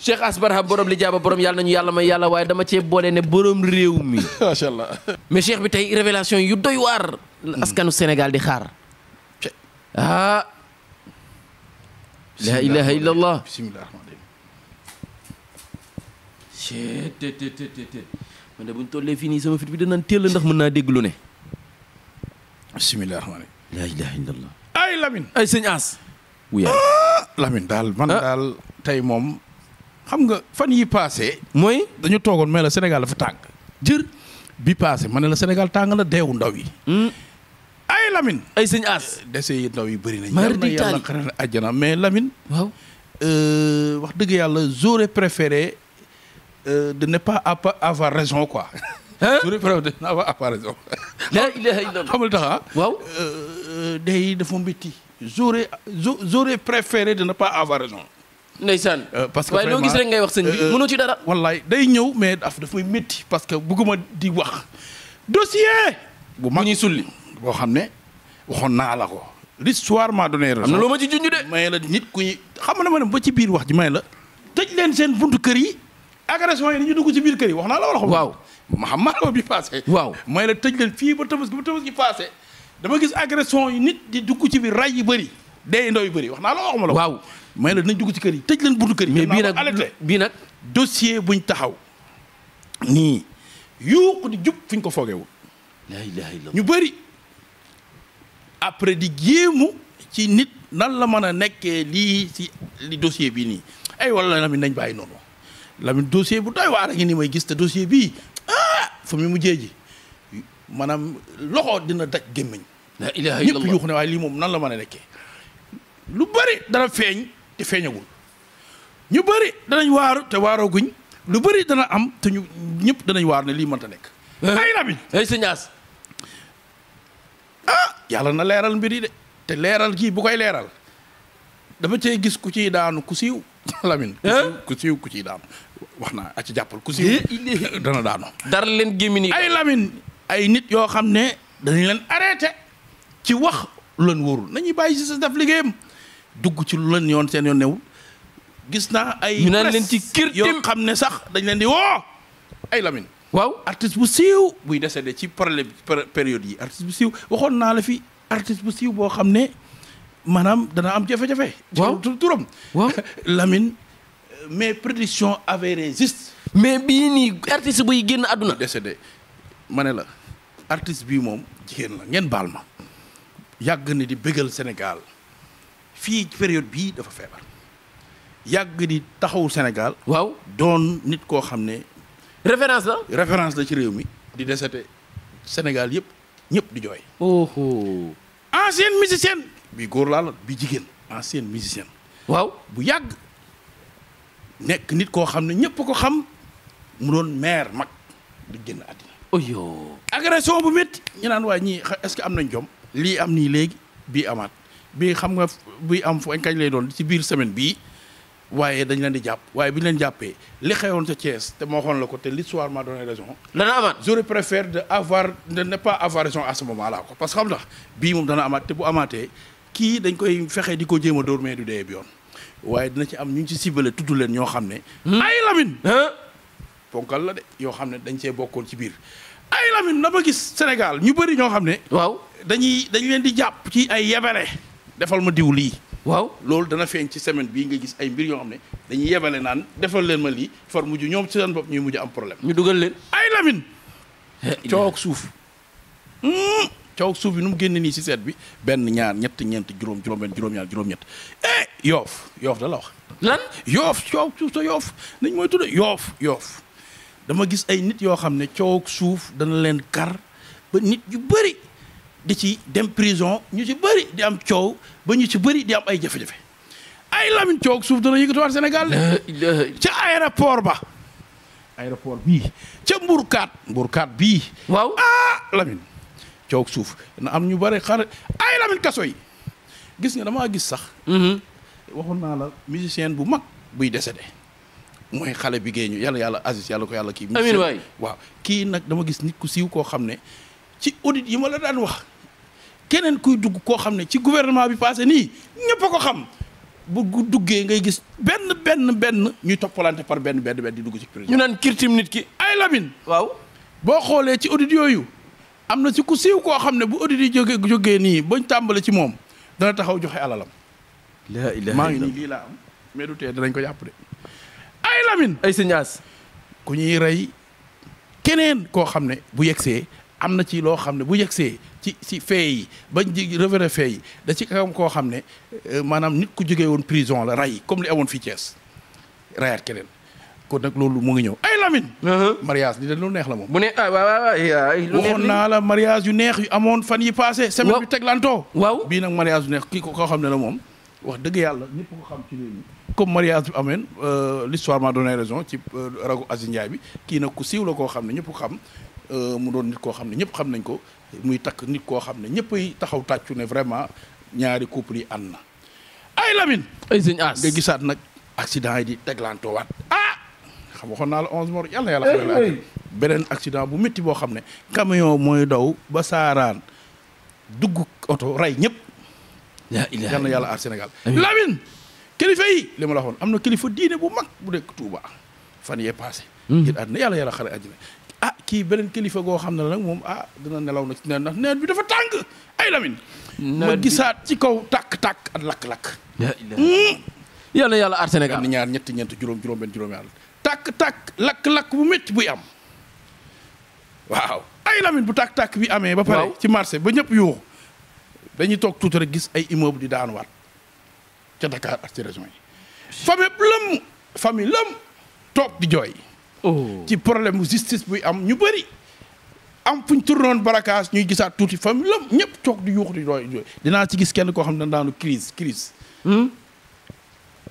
Cheikh Asbarham borom li jaaba borom yàlla nañu yàlla may yàlla waaye dama cee boole ne borom réew mi. macha allah mais Cheikh bi tey révélation yu doy waar. Hmm. askanu senegal di xaar. ah. la ilaha illallah. bismillah. man de bu ñu mën naa dégg ay sëñ As. wuyaay ah, Lamine daal man ah. daal tey moom. xam nga fan yi paase. mooy dañu toogoon mais la Sénégal dafa tàng. jër bi paase ma ne la Sénégal tàng na deewu ndaw yi. Hmm? ay Lamine. ay sëñ As. dese ndaw yi bëri nañu. mara di na àjjana mais Lamine. Euh, dëgg yàlla j'aurais préféré euh, quoi. j'aurais préféré de ne pas avoir raison. la tax ah? waaw. Euh, day dafa métti. j'aurais j'aurais préféré de ne pas raison. ndeysaan euh, parce que waaye loo gis rek ngay wax sëñ bi euh, mënoo ci dara. wallaay day ñëw mais daf dafay métti parce que bëgguma di wax dossier. bu mag ñuy sulli boo xam ne waxoon naa la ko. l'histoire m'a donné raison. am na loo ma ci junj de. may la nit ku ñu xam na ma ne ba ci biir wax ji may la. tëj leen seen buntu kër yi. agression yi dañuy dugg ci biir kër yi wax naa la wala waaw ma xam maa ko bi passé. waaw tëj leen fii ba tabaski ba tabaski passé. dama gis agression yi nit di dugg ci biir ray yi bëri. dee ndaw yu bëri wax naa la waxuma la waaw may la dinañ dugg ci kër yi tëj leen buntu kër yi. mais bii nag bii nag dossier buñ taxaw nii yuuq di jub fi ko foogewul la ilaha ñu bëri après di jéemu ci nit nan la mën a nekkee lii ci li dossier bii nii ay wala Lamine nañ bàyyi noonu Lamine dossier bu doy waar a ngi may gis te dossier bii ah fa mu mujjee ji maanaam loxo dina daj gémmiñ la ilaha illallah ñëpp yuuxu ne waaye lii moom nan la mën a nekkee lu bari dara feeñ te feeñagul ñu bari danañ waaru te waaroo guñ lu bari dana am te ñu ñëpp danañ waar ne lii mënta nekk. Eh. ay rabi ay eh, sëñ As ah, na leeral mbir yi de te leeral kii bu koy leeral dama cee gis ku ci daanu ku siiw Lamine. Eh? ku siiw ku ciy daanu wax naa a ci jàppal ku siiw dana daanu. dara leen gémini ay Lamine ay nit yoo xam ne danañ leen arrêté ci wax lu leen wóorul nañuy bàyyi si sa def liggéeyam. dugg ci lu leen yoon seen yoon newul gis naa ay. ñu naan leen yoo xam ne sax dañ leen di woo ay Lamine. waaw artiste bu siiw buy décédé ci problème période yi artiste bu siiw waxoon naa la fi artiste bu siiw boo xam ne maanaam dana am jafe-jafe. waaw turam. Lamine euh, mes prédictions avérées juste. mais bii nii artiste buy génn àdduna. décédé ma ne la artiste bii moom jigéen la ngeen baal ma yàgg na di bégal Sénégal. fii période bii dafa feebar yàgg di taxawu Sénégal. waaw doon nit koo xam ne. référence la. référence la ci réew mi. di desete Sénégal yëpp ñëpp di jooy. oh. ancienne musicienne. bi góor laa bi jigéen. ancienne musicienne. waaw bu yàgg. nekk nit koo xam ne ñëpp ko xam mu doon maire mag di génn àddina. oyo. agression bu métti. ñu naan waa ñi est-ce que am nañ jom. lii am nii léegi bii amaat. bii xam nga buy am fu kañ lay doon ci biir semaine bii waaye dañ leen di jàpp waaye bi ñu leen jàppee li xewoon sa Thiès te moo waxoon la ko te l'histoire m'a donné raison. dana amaat j'aurais préféré de avoir de ne pas avoir raison à ce ko parce que xam ndax bii moom dana amaat te bu amaatee kii dañ koy fexe di ko jéem a dóor mais du dee bi yoon waaye dina ci am ñu ngi ci ciblé tudd leen ñoo xam ne. Hmm? ay Lamine. ponkal la de yoo xam ne dañ cee bokkoon ci biir. ay Lamine na ma gis Sénégal ñu bëri ñoo xam ne. waaw dañuy dañ leen di jàpp ci ay yebere. defal ma diw lii waaw loolu dana feeñ ci semaine bii nga gis ay mbir yoo xam ne dañuy yebale naan defal leen ma lii far mujj ñoom ci seen bopp ñuy mujj am problème ñu dugal leen ay lamin coog suuf hmm. coog suuf bi nu mu génne nii si seet bi benn ñaar ñett ñeent juróom juróom benn juróom ñaar ñett eh yoof yoof da la wax lan yoof coog suuf sa yoof nañ mooy tudde yoof yoof dama gis ay nit yoo xam ne coog suuf dana leen kar ba nit yu bëri di ci dem prison ñu ci bari di am coow ba ñu ci bari di am ay jafe-jafe ay Lamine coow suuf dana yëkkatiwaat Sénégal ca aéroport ba aéroport bii ca mburkaat mburkaat bii waaw ah Lamine coow suuf na am ñu bari xar ay Lamine kaso gis nga dama gis sax mm-hmm. waxoon naa la musicien bu mag buy décédé mooy xale bi géey ñu yàlla yàlla Aziz yàlla ko yàlla kii amiin waay waaw kii nag dama gis nit ku siiw koo xam ne ci audit yi ma la daan wax keneen kuy dugg koo xam ne ci gouvernement bi passé nii ñëpp a ko xam bu duggee ngay gis benn benn benn ñuy toppalante par benn benn benn di dugg ci président. ñu naan kirtim nit ki. ay Lamine. waaw boo xoolee ci audit yooyu am na ci ku siiw koo xam ne bu audit jóge jógee jógee nii bañ tàmbale ci moom dana taxaw joxe alalam. maa ngi nii lii laa am mais du tee danañ ko jàpp de. ay Lamine. ay sa ñaas. ku ñuy rey keneen koo xam ne bu yegsee am na ci loo xam ne bu yegsee ci ci fee yi bañ ji revéré fee da ci kawam koo xam ne euh, maanaam nit ku jógee woon prison la rey comme li amoon fii Thiès rayaat keneen kon nag loolu mu ngi ñëw ay Lamine. Uh-huh. mariage li de neex la moom. mu ne ah waaw waaw naa la mariage yu neex yu amoon fan yi passé semaine bi teglantoo. waaw bii nag mariage yu neex kii ko koo xam ne la moom wax dëgg yàlla ñëpp ko xam ci réew mi comme mariage bi ameen euh, l'histoire m'a donné raison ci euh, rago Aziz Ndiaye bi kii nag ku siiw la koo xam ne ñëpp ko xam Euh, mu doon nit koo xam ne ñëpp xam nañ ko muy takk nit koo xam ne ñëppay taxaw tàccu ne vraiment ñaari couple yi ànd na. ay Lamine. ay nga gisaat nag accident yi di waat ah xam waxoon naa la onze mort yàlla yàlla xam la beneen accident bu métti boo xam ne camion mooy daw ba saaraan dugg oto rey ñëpp. yal na yàlla aar Sénégal Lamine. kilifa yi li ma la waxoon am na kilifa diine bu mag bu nekk Touba fan yee passé. Hmm. ngir àddina yàlla yàlla xare àjjana ah kii beneen kilifa goo xam ne la nag moom ah dina nelaw na ci nee na nawet bi dafa tàng ay lamin ma gisaat ci kaw tàkk-tàkk ak lakk-lakk. yàlla hmm? yàlla aar Sénégal ñeent juróom juróom juróom yàlla tàkk-tàkk lakk-lakk bu metti buy am waaw ay lamin bu tàkk-tàkk bi amee ba pare ci marché ba ñëpp yuuxu dañu toog tuuti rek gis ay immeuble di daanuwaat ca Dakar ak ci région yi famille lëm famille lëm toog di jooy Oh. ci problème bu justice buy am ñu bëri. am fu ñu barakaas ñuy gisaat tuuti famille lam ñëpp toog di yuux di dinaa ci gis kenn koo xam ne daanu crise crise hmm?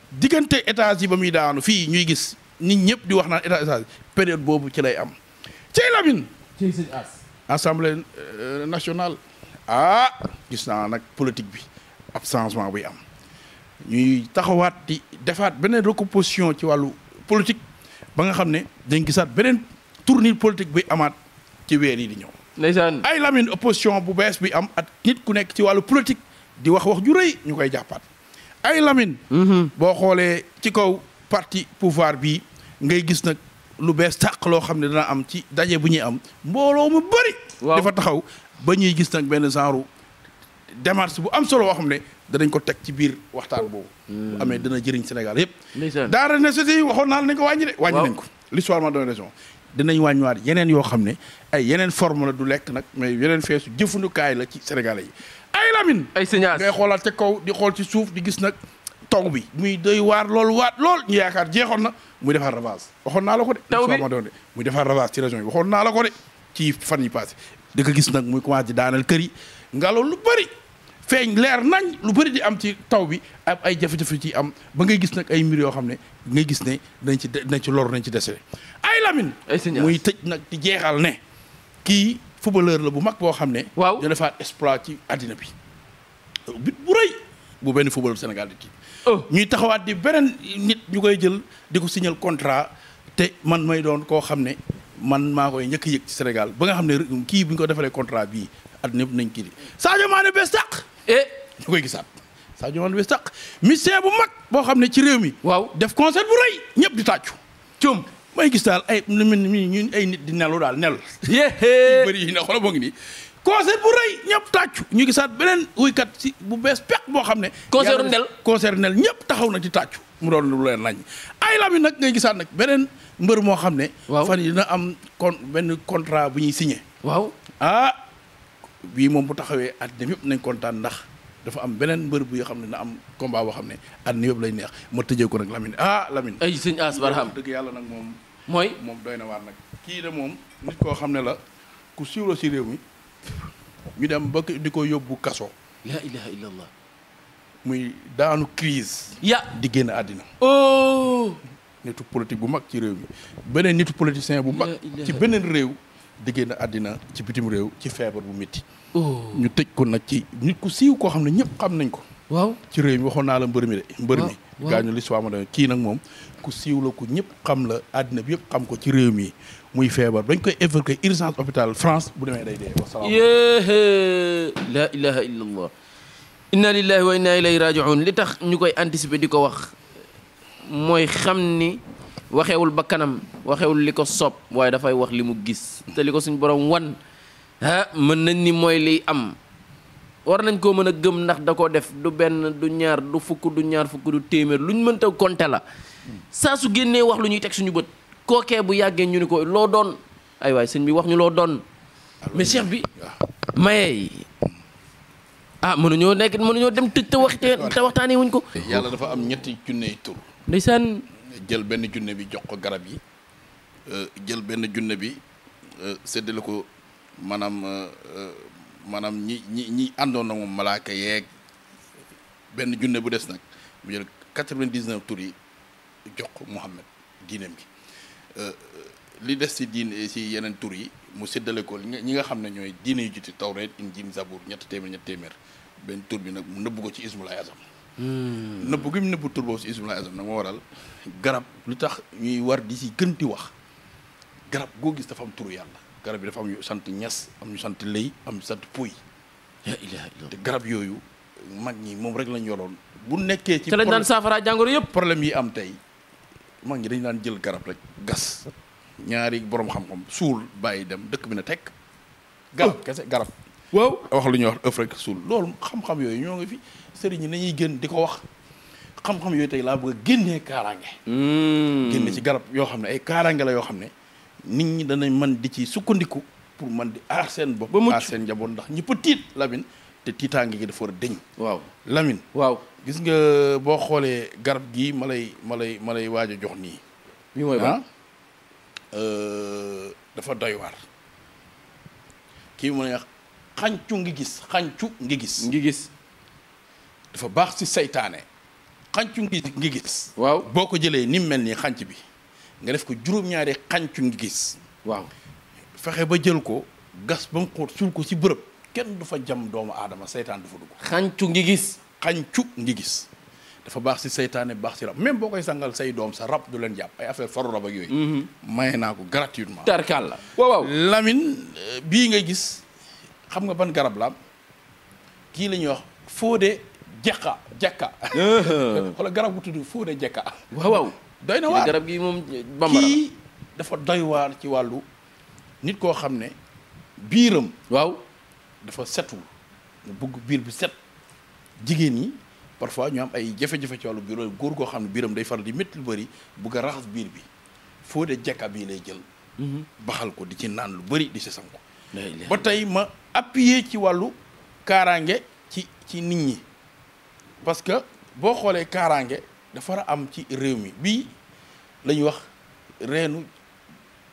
diggante états yi ba muy daanu fii ñuy gis nit ñëpp di wax naan état état période boobu ci lay am ci Lamine assemblée euh, nationale ah gis naa nag politique bi ab changement buy am ñuy taxawaat di defaat beneen recomposition ci wàllu politique ba nga xam ne dañ gisaat beneen tournure politique buy amaat ci weer yi di ñëw. ndeysaan ay Lamine opposition bu bees bi am ak nit ku nekk ci wàllu politique di wax wax ju rëy ñu koy jàppaat ay Lamine. Mhm. boo xoolee ci kaw parti pouvoir bi ngay gis nag lu bees tàq loo xam ne dana am ci daje bu ñuy am mbooloo mu bëri. dafa taxaw ba ñuy gis nag benn genre. démarche bu am solo boo xam ne danañ ko teg ci biir waxtaan boobu. Hmm. amee dana jëriñ Sénégal yëpp. ndeysaan daara ne yi waxoon naa la ko wàññi de. wàññi nañ ko l'histoire m'a donné raison. dinañ wàññiwaat yeneen yoo xam ne ay yeneen forme la du lekk nag mais yeneen feesu jëfandukaay la ci sénégalais yi. ay lamin ay xoolaat ca kaw di xool ci suuf di gis nag taw bi. muy doy waar lool waat lool ñu yaakaar jeexoon na muy defar ravage waxoon naa la ko de. taw bi l'histoire m'a muy defar ravage ci région yi waxoon naa la ko de ci fan yi di ko gis nag muy commencé daaneel kër yi ngelaw lu bari feeñ leer nañ lu bari di am ci taw bi ak ay jafe-jafe ci am ba ngay gis nag ay mbir yoo xam ne ngay gis ne dañ ci dañ ci loru nañ ci dese ay Lamine muy tëj nag di jeexal ne kii footballeur la bu mag boo xam ne waaw dina defaat exploit ci àddina bi bit benn footballeur Sénégal di kii oh. ñuy taxawaat di beneen nit ñu koy jël di ko signal contrat te man may doon koo xam ne man maa koy njëkk yëg ci Sénégal ba nga xam ne kii bu ñu ko defalee contrat bii àddina yëpp nañ kii di Sadio Mané bés tàq eh ñu koy gisaat Sadio Mané bés tàq musicien bu mag boo xam ne ci réew mi. waaw def concert bu rëy ñëpp di tàccu. coom may gis daal ay lu mel ni ñun nit di nelu daal nelu. yéexee bëri yi na xoolal moo ngi nii. concert bu rëy ñëpp tàccu ñu gisaat beneen wuykat ci bu bees peq boo xam ne. concert nel concert ñëpp taxaw na di tàccu mu doon lu leen lañ ay lami nag ngay gisaat nag beneen mbër moo xam ne. waaw fan yi na am kon benn contrat bu ñuy signé. waaw ah. bii moom bu taxawee àddina yëpp nañ kontaan ndax dafa am beneen mbër bu yoo xam ne na am combat boo xam ne àddina yëpp lay neex ma tëjee ko nag Lamine ah Lamine. ay sëñ As Barham dëgg yàlla nag moom. mooy moom doy na waar nag. kii de moom nit koo xam ne la ku siiwloo si réew mi ñu dem ba di ko yóbbu kaso. la ilaha illallah. muy daanu crise ya di génn àddina. oh. nitu bu mag ci réew mi beneen nitu politicien bu mag. ci beneen réew. di na àddina ci bitim réew ci feebar bu métti oh. ñu tëj ko nag ci nit ku siiw koo xam ne ñëpp xam nañ ko waaw ci réew mi waxoon naa la mbër mi de mbër mi gaañu li suwaama da kii nag moom ku siiw la ko ñëpp xam la àddina bi yëpp xam ko ci réew mi muy feebar dañ koy évacuer urgence hôpital France bu demee day dee wasalaam yéehé laa ilaha illa allah inna lillahi wa inna ilayhi rajiun li tax ñu koy anticiper di ko wax mooy xam ni waxewul ba kanam waxewul li ko soob waaye dafay wax li mu gis te li ko suñu borom wan ah mën nañ ni mooy liy am war nañ koo mën a gëm ndax da ko def du benn du ñaar du fukk du ñaar fukk du téeméer luñ mënta konte la saa su génnee wax lu ñuy teg suñu bët kookee bu yàggee ñu ni ko loo doon ay waay sëñ bi wax ñu loo doon mais cheikh bi maye ah mënuñoo nekk mënuñoo dem tëj te waxte te waxtaanee wuñ ko yàlla dafa am ñetti junne tur jël benn junne bi jox ko garab yi euh, jël benn junne bi euh, séddale ko maanaam euh, maanaam ñi ñi ñi àndoon na moom malaaka yeeg benn junne bu des nag mu jël quatre-vingt-dix-neuf tur yi jox ko Muhammad diineem gi li des ci diine ci yeneen tur yi mu séddale ko ñi nga xam ne ñooy diine yu jiite Tawreet Injiil Zabuur ñetti téeméer ñetti téeméer benn tur bi nag mu nëbb ko ci ismul azam nëbb gi mu nëbb tur boobu si ismul azam nag moo waral garab lu tax ñuy war di si gën di wax garab goo gis dafa am turu yàlla garab yi dafa am sant ñas am ñu sant lëy am ñu sant puy te garab yooyu mag ñi moom rek lañ yoroon bu nekkee ci lañ daan saafara jàngoro yëpp problème yi am tey mag ñi dañu daan jël garab rek gas ñaari boroom xam-xam suul bàyyi dem dëkk bi na tekk garab oh. kese garab waaw wax lu ñuy wax ëf rek suul loolu xam-xam yooyu ñoo ngi fi sëriñ ñi nañuy gën di ko wax xam-xam yooyu tey laa bëgg génnee kaaraange. Hmm. génne ci garab yoo xam ne ay kaaraange la yoo xam ne nit ñi danañ man di ci sukkandiku pour man di aar seen bopp. ba mucc aar seen njaboot ndax ñëpp tiit Lamine te tiitaange gi dafa war a dëñ. waaw Lamine. waaw gis nga boo xoolee garab gii ma lay ma lay ma lay waaj a jox nii. bi mooy ban ah? euh, dafa doy waar. kii mu ne xancu ngi gis xancu ngi gis ngi gis dafa baax ci seytaane xancu ngi ngi gis waaw boo ko jëlee ni mu mel nii xanc bi nga def ko juróom-ñaari xancu gis waaw fexe ba jël ko gas ba mu xóot suul ko ci bërëb kenn du fa jam doomu aadama saytaan du fa dugg xancu ngi gis xancu ngi gis dafa baax ci saytaane baax ci rab même boo koy sangal say doom sa rab du leen jàpp ay affaire faru rab ak yooyu mm-hmm. maye naa ko gratuitement tarkal la waaw euh, bii nga gis xam nga ban garab la kii la wax Fodé Jekka Jekka. xoolal garab gu tudd Fodé Jekka. waaw waaw doy na waar garab gi moom bambara kii dafa doy waar ci wàllu nit koo xam ne biiram. waaw dafa setul mu bëgg biir bu set jigéen ñi. parfois ñu am ay jafe-jafe ci wàllu biir góor goo xam ne biiram day far di métti lu bëri bugg raxas biir bi foo de jekka bii lay jël mhm. baxal ko di ci naan lu bari di si sangu ba tey ma appuyer ci wàllu kaaraange ci ci nit ñi parce que boo xoolee kaaraange dafa war a am ci réew mi bii la wax reenu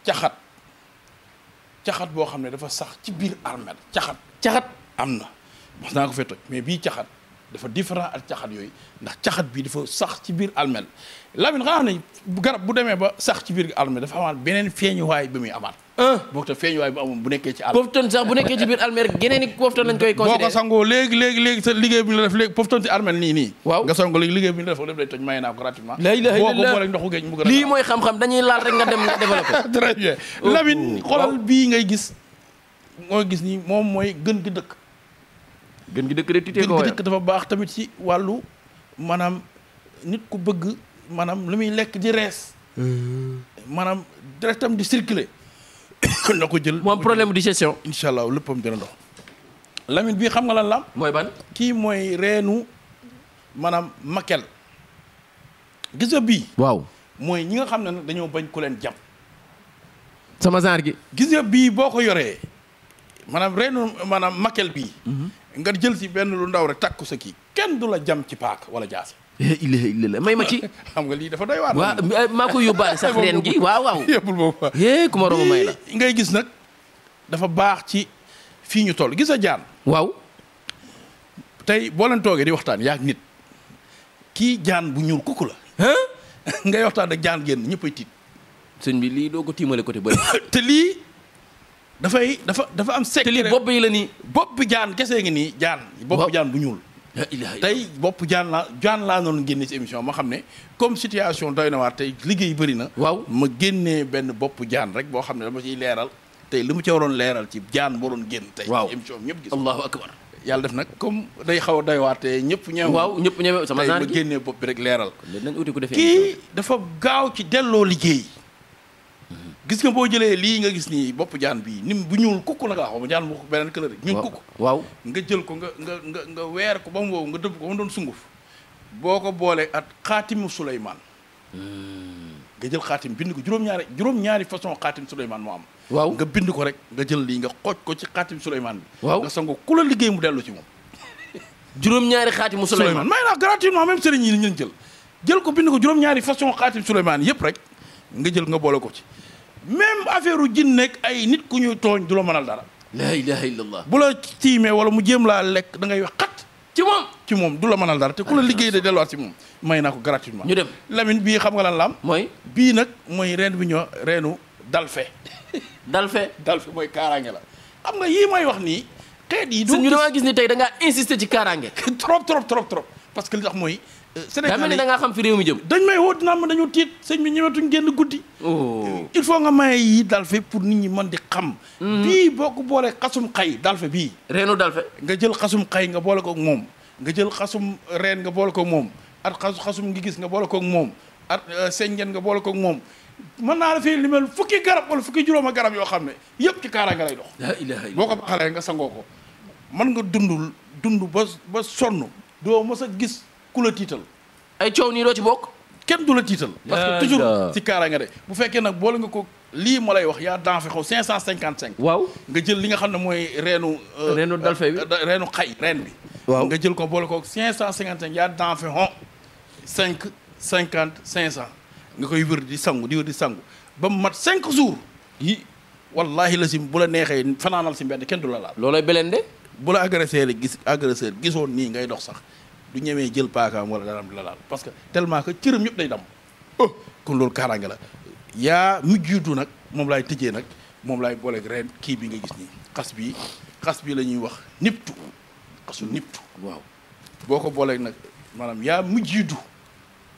caxat caxat boo xam ne dafa sax ci biir armel caxat caxat am na mas naa ko fee toj mais bii caxat dafa différent ak caxat yooyu ndax caxat bii dafa sax ci biir almel am na ne garab bu demee ba sax ci biir almel dafa amaat beneen feeñuwaay bi muy amaat. boobu tam feeñuwaay bu amoon bu nekkee ci. almel poftan sax bu nekkee ci biir almel geneen i poftan lañ koy. considéré boo ko sangoo léegi léegi léegi sa liggéey bi ñu la def léegi poftan ci almel nii nii. waaw nga sangoo liggéey bi ñu la def lépp day toj maye naa ko gratuitement. lay lay boo ko booleeg ndoxu géej a. lii mooy xam-xam dañuy laal rek nga dem nga développé. très bien oh, oh, ngay gis mooy gis ni moom mooy gën gi dëkk gën gi dëkk de titee ko gën baax tamit ci wàllu maanaam nit ku bëgg maanaam lu muy lekk di rees hmm. maanaam deretam di circuler na ko jël moom problème de gestion incha allah léppam dina dox lamine bii xam nga lan la mooy ban kii mooy reenu maanaam makel gis nga bii waaw mooy ñi nga xam ne nag dañoo bañ ku leen jàpp sama genre gi gis nga bii boo ko yoree maanaam reenu maanaam makel bii mhm. nga jël si benn lu ndaw rek takku sa kii kenn du la jam ci paak wala jaasi. ilaaha eh, illallaah may ma ci. xam nga lii dafa doy waar. waaw eh, maa ko yóbbaale sax ren gi waaw waaw. yóbbul boobu eh, may la. ngay gis nag baax ci fii ñu toll gis a jaan. waaw. tey boo leen toogee di waxtaan yaa nit kii jaan bu ñuul kukku la. ngay waxtaan ak jaan génn ñëppay tiit. bi lii doo ko tiimale côté bëri. te lii. dafay dafa dafa am. secret te lii bopp yi la nii. bopp jaan kese ngi nii jaan. bopp jaan bu ñuul. tey bopp jaan laa jaan laa noonu génne ci émission ma xam ne comme situation doy na waar tey liggéey bëri na. waaw ma génnee benn bopp jaan rek boo xam ne dama ciy leeral. tey li mu ci waroon leeral ci jaan waroon génn. tey émission bi ñëpp gis. allahu akbar yàlla def nag comme day xaw a doy ñëpp ñëw. waaw ñëpp ñëw sama. tey ma génnee bopp bi rek leeral. kii dafa gaaw ci delloo liggéey. gis nga boo jëlee lii nga gis nii bopp jaan bii nim bu ñuul kukk nag xaw ma jaan bu beneen couleur ñuul kukk waaw nga jël ko nga nga nga nga weer ko ba mu wow nga dëbb ko ba mu doon sunguf boo ko boolee at xaatimu Souleymane hmm. nga jël xaatim bind ko juróom-ñaari juróom-ñaari façon xaatim Souleymane moo am waaw nga bind ko rek nga jël lii nga xooj ko ci xaatim Souleymane bi waaw nga sango ku la liggéey mu dellu ci moom juróom-ñaari xaatimu Souleymane may naa gratuitement même sëriñ yi ñu jël jël ko bind ko juróom-ñaari façon xaatim Souleymane yëpp rek nga jël nga boole ko ci même affaire u jin nekk ay nit ku ñuy tooñ du la mënal dara. la ilaha illallah. bu la tiimee wala mu jéem laa lekk da ngay wax xat. ci moom ci moom du la mënal dara te ku la ah, liggéey de delluwaat si moom may naa ko gratuitement. ñu dem Lamine bii xam nga lan la am. mooy bii nag mooy reen bi ñoo reenu dalfe. dalfe dalfe mooy kaaraange la xam nga yii may wax nii. xeet yi du ñu dama gis ni tey da ngaa insister ci kaaraange. trop trop trop trop parce que li tax mooy. Sénégal daa mel ni da ngaa xam fi réew mi jëm. dañ may woo dina am dañu tiit sëñ bi ñëwatuñ génn guddi. Oh. il faut nga maye yi dalfe pour nit ñi man di xam. Mm-hmm. bii boo ko boolee xasum xay dalfe bii. reenu dalfe. nga jël xasum xay nga boole koog moom nga jël xasum reen nga boole koog moom at xas xasum ngi gis nga boole koog moom at euh, senjen nga boole koog moom. mën naa refee fii limal fukki garab wala fukki juróoma garab yoo xam ne yëpp ci kaaraange lay dox. la ilaha boo ko baxalee nga sangoo ko mën nga dund dund ba ba sonn doo mës a gis ku la tiital. ay coow nii doo ci bokk. kenn du la tiital. parce que toujours ci kaara nga de bu fekkee nag boole nga ko lii ma lay wax yaa daan fi xaw 555. waaw nga jël li nga xam ne mooy reenu. Euh, reenu dalfe bi euh, reenu xay reen bi. waaw nga jël ko boole ko 555 yaa daan fi xaw 5 50 500 nga koy wër di sangu di wër di sangu ba mu mat 5 jours yi wallahi la si bu la neexee fanaanal si mbedd kenn du la laal. loolay beleen de. bu la agresseur gis agresseur gisoon nii ngay dox sax. du ñemee jël paakaam wala daraam di la laal parce que tellement que cëram ñëpp day dam oh kon loolu kaaraange la yaa mujjuutu nag moom laay tëjee nag moom laay booleeg ren kii bi nga gis nii xas bi xas bi la ñuy wax niptu xasu niptu boo ko booleeg nag maanaam yaa mujjiitu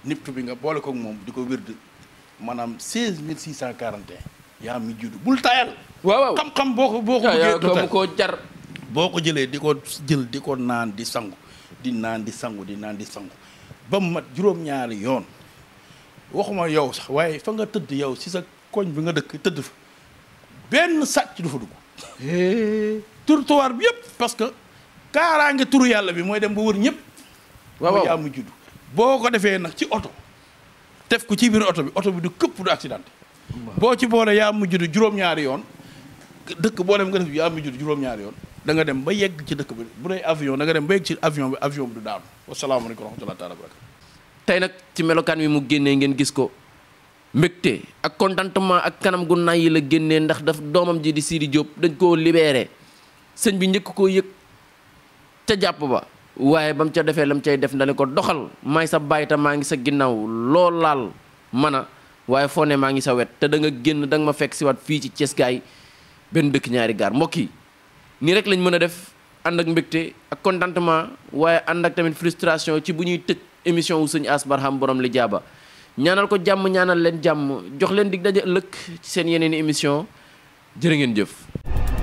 niptu bi nga boole koog moom di ko wérd maanaam 16641 yaa mujjiitu bul tayal waaw waaw xam-xam boo ko boo ko bëggee ko jar boo ko jëlee di ko jël di ko naan di sangu di naan di sangu di naan di sangu ba mu mat juróom-ñaari yoon waxuma yow sax waaye fa nga tëdd yow si sa koñ bi nga dëkk tëdd fa benn sàcc du fa dugg. trottoir bi yëpp parce que kaaraange turu yàlla bi mooy dem ba wër ñëpp. waaw waaw jaamu juddu boo ko defee nag ci oto. def ko ci biir oto bi oto bi du këpp du accident. boo ci boole yaa mujj juróom-ñaari yoon dëkk boo dem nga def yaa mujj du juróom-ñaari yoon. da nga dem ba yegg ci dëkk bi bu dee avion danga dem ba yegg ci avion bi avion bi du daanu wasalaamaaleykum wa rahmatulah taala baraka tey nag ci melokaan wi mu génnee ngeen gis ko mbégte ak contentement ak kanam gu nay yi la génnee ndax daf doomam ji di Sidi Diop dañ koo libeere sëñ bi njëkk koo yëg ca jàpp ba waaye bam ca defee la cay def ndale ko doxal may sa bàyyita maa ngi sa ginnaaw lool laal man a waaye foo ne maa ngi sa wet te da nga génn da nga ma fekk si waat fii ci Thiès benn dëkk ñaari gaar mbokk yi nii rek lañ mën a def ànd ak mbégte ak contentement waaye ànd ak tamit frustration ci bu ñuy tëj émission wu sëñ as Barham boroom li jaaba ñaanal ko jàmm ñaanal leen jàmm jox leen dig daje ëllëg ci seen yeneen i émission jërë ngeen jëf